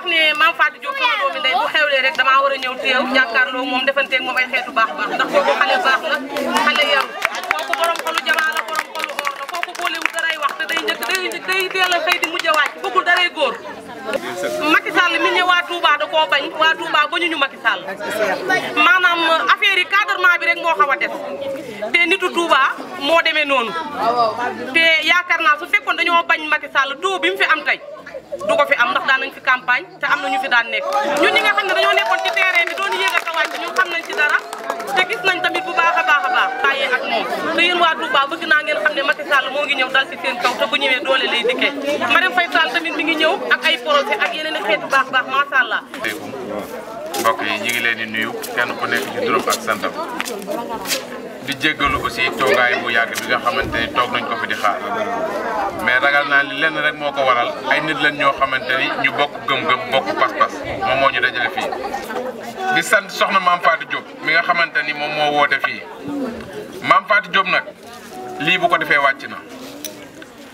wax ne maam Fatou Diop sama doomi ndey bu xewlee rek damaa war a ñëw teew jàkkaarloo moom defanteeg moom ay xeetu baax baax ndax kooku xale baax la xale yaru kooku borom xolu jamaa la la daray wax te day njëkk day day teel a xëy di mujj a wàcc bëggul daray góor Macky Sall mi ne waa Touba da koo bañ waa Touba ba ñu ñu Macky Sall maanaam affaire yi cadrement bi rek moo xaw a des te nitu Touba moo demee noonu te yaakaar naa su fekkoon dañoo bañ Macky Sall taux bi mu fi am tey du ko fi am ndax daan nañ fi campagne te am na ñu fi daan nekk ñun ñi nga xam ne dañoo nekkoon ci terrain bi doon yéeg ak a wàcc ñun xam nañ ci dara te gis nañ tamit bu baax a baax a baax bàyyee ak moom te yéen waa Touba bëgg naa ngeen xam ne Macky Sall moo ngi ñëw dal ci seen kaw te bu ñëwee doole lay dikkee Marème Faye Sall tamit mi ngi ñëw ak ay projet ak yeneen i xeetu baax baax macha allah. yi ñu ngi leen di nuyu kenn ku nekk ci turam ak santam di jéggalu aussi toogaay bu yàgg bi nga xamante ni toog nañ ko fi di xaar mais ragal naa ni lenn rek moo ko waral ay nit leen ñoo xamante ni ñu bokk gëm-gëm bokk pas-pas moom moo ñu dajale fii. li sant soxna maam Fatou Diop mi nga xamante ni moom moo woote fii maam Fatou Diop nag lii bu ko defee wàcc na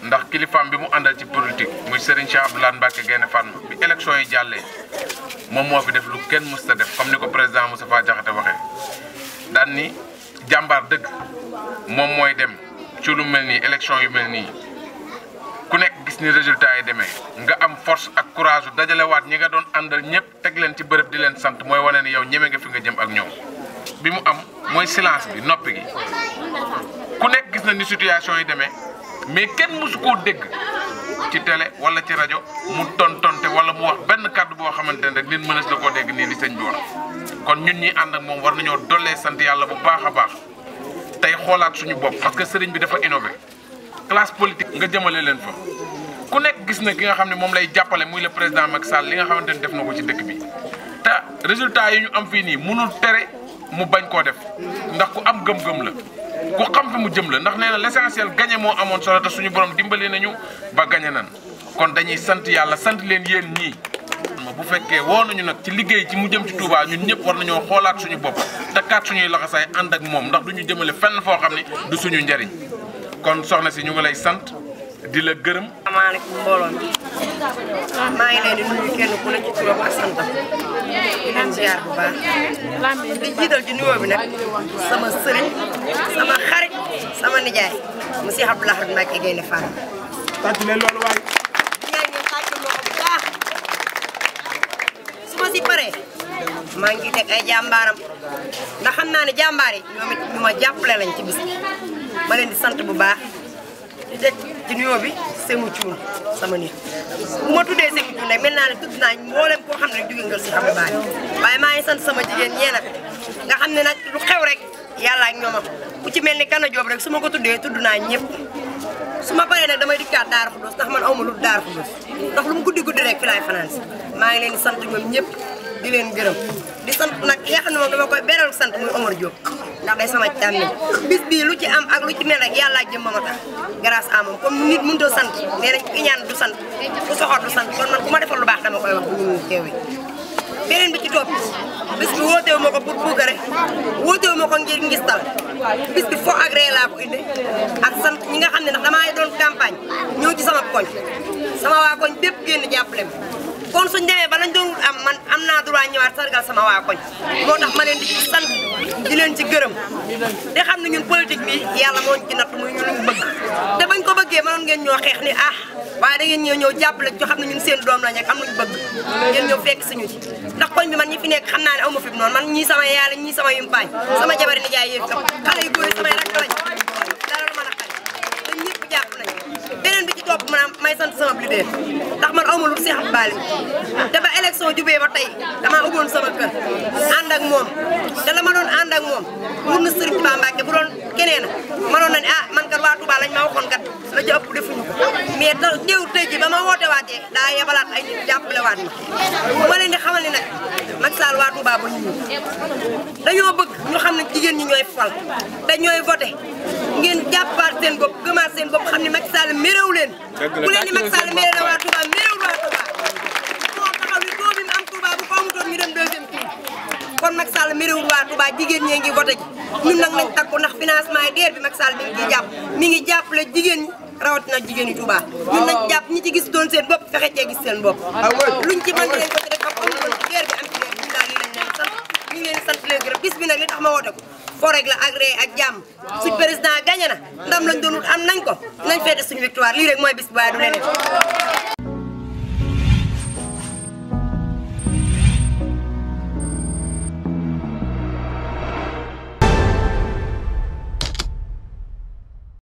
ndax kilifaam bi mu àndal ci politique muy Serigne Cheikh Abdoulaye Mbacke Gaïndé Fatma bi élection yi jàllee moom moo fi def lu kenn mës ta def comme ni ko président Moustapha Diakhaté waxee daan jàmbaar dëgg moom mooy dem ci lu mel nii élection yu mel nii ku nekk gis ni résultat yi demee nga am force ak courage dajalewaat ñi nga doon àndal ñëpp teg leen ci bërëb di leen sant mooy wane ni yow ñeme nga fi nga jëm ak ñoom bi mu am mooy silence bi noppi gi ku nekk gis na ni situation yi demee mais kenn mësu koo dégg ci télé wala ci rajo mu tontonte wala mu wax benn kàddu xamantene rek nit mënees la ko dégg ni li señ bi wax kon ñun ñi and ak mom war nañu dolé sant yalla bu baaxa baax tay xolaat suñu bop parce que señ bi dafa innover classe politique nga jëmalé len fa ku nekk gis na ki nga xam mom lay jappalé muy le président Macky Sall li nga xamantene def nako ci dëkk bi ta résultat yi ñu am fi ni mënul téré mu bañ ko def ndax ku am gëm-gëm la ku xam fi mu jëm la ndax nee l'essentiel gagné mo amone solo ta suñu borom dimbalé nañu ba gagné nan kon dañuy sant yalla sant len yeen ñi bu fekkee woo nañu nag ci liggéey ci mu jëm ci Touba ñun ñëpp war nañoo xoolaat suñu bopp takkaat suñuy laxasaay ànd ak moom ndax du jëmale fenn foo xam ne du suñu njariñ kon soxna si ñu ngi lay sant di la gërëm. asalaamaaleykum mbooloo mi maa ngi leen di nuyu kenn ku ne ci turam ak santam di ci nuyoo bi nag sama sëriñ sama xarit sama nijaay monsieur Abdoulaye Mbacke Guèye Fall. tàcc leen mangi ngi ay jambaram ndax xamna naa ne jàmbaar yi ñoom it ñu ma lañ ci bis ma leen di sante bu baax di teg ci nuyo bi semu Thioune sama nit bu ma tuddee Sémou Thioune nag mel naa ne tudd naa mboolem koo xam si xam baay waaye maa ngi sante sama jigen ñeena nga xamné nak nag lu xew rek yalla ak ñoma ku ci melni ni Kana Diop rek suma ko tuddé tudd ñepp suma su nak damay di damay dikkaat Daaru ndax man awma lu fu Xudoos ndax lu mu guddi guddi rek fi lay finance ma ngi leen di sante ñoom ñepp di leen gërëm di sant nag ki nga xam ne moom dama koy beral sant muy Omar Diop ndax day sama càmmiñ bis bii lu ci am ak lu ci mel rek yàlla jëm ma tax grâce à comme nit mënut a sant nee nañ ku ñaan du sant ku soxor du sant kon man ku ma defal lu baax dama koy wax bu ñu teew yi beneen bi ci topp bis bi wootewu ma ko pour puukare wootewu ma ko ngir ngistal bis bi fo agré laa ko indi ak sant ñi nga xam ne na damaa doon campagne ñëw ci sama koñ sama waa koñ bépp génn jàppale dinaa ñëwaat sargal sama waa koñ moo tax ma leen di sant di leen ci gërëm di xam ne ñun politique bi yàlla moo ñu ci natt muy bëgg te ko bëggee mënoon ngeen ñoo xeex ni ah waaye da ngeen ñëw ñëw jàppale ci ñun seen doom lañ ak am nañ bëgg ngeen ñëw fekk suñu ci ndax koñ bi man ñi fi nekk xam naa ne aw noonu man ñii sama yaay ñii sama yumpaañ sama jabari nijaay yéen xale yu góor yi samay rakk beneen bi ci topp a may sant sama leader ndax man aw ma lu Cheikh Abdou Bally te ba élection jubee ba tey damaa ubboon sama kër a ak moom te la ma doon a ak moom mun na Serigne Touba Mbacke bu doon keneen manoon na ne ah man kat waa Touba lañ ma waxoon kat la ci ëpp defuñu ko mais tax teew tey ba ma woote waatee daa yebalaat ay nit jàppale waat ma ma leen di xamal ni nag Macky Sall waa Touba ba ñu dañoo bëgg ñu xam ne jigéen ñi ñooy fal te ñooy voté ngeen jàppaat seen bopp gëmaat seen bopp xam ne Macky Sall méréw leen leen ni Macky Sall méré na waa Touba méréw waa Touba foo taxaw ni doo bi mu am Touba bu ko amutoon ñu dem deuxième kon Macky Sall méréwul waa jigéen ñee ngi nag nañ takku mi ngi jàpp mi jigéen ñi rawatina jigéen ñi Touba ñun jàpp ñi ci gis doon seen bopp fexe cee gis seen bopp ah luñ ci mën leen ko ci def am amutoon DER bi am bi ñu daal lii nag li tax ma woote ko foo rek la agréé ak jàmm suñ président gagné na ndam lañ doon am nañ ko nañ feete suñu victoire lii rek mooy bis bu baax du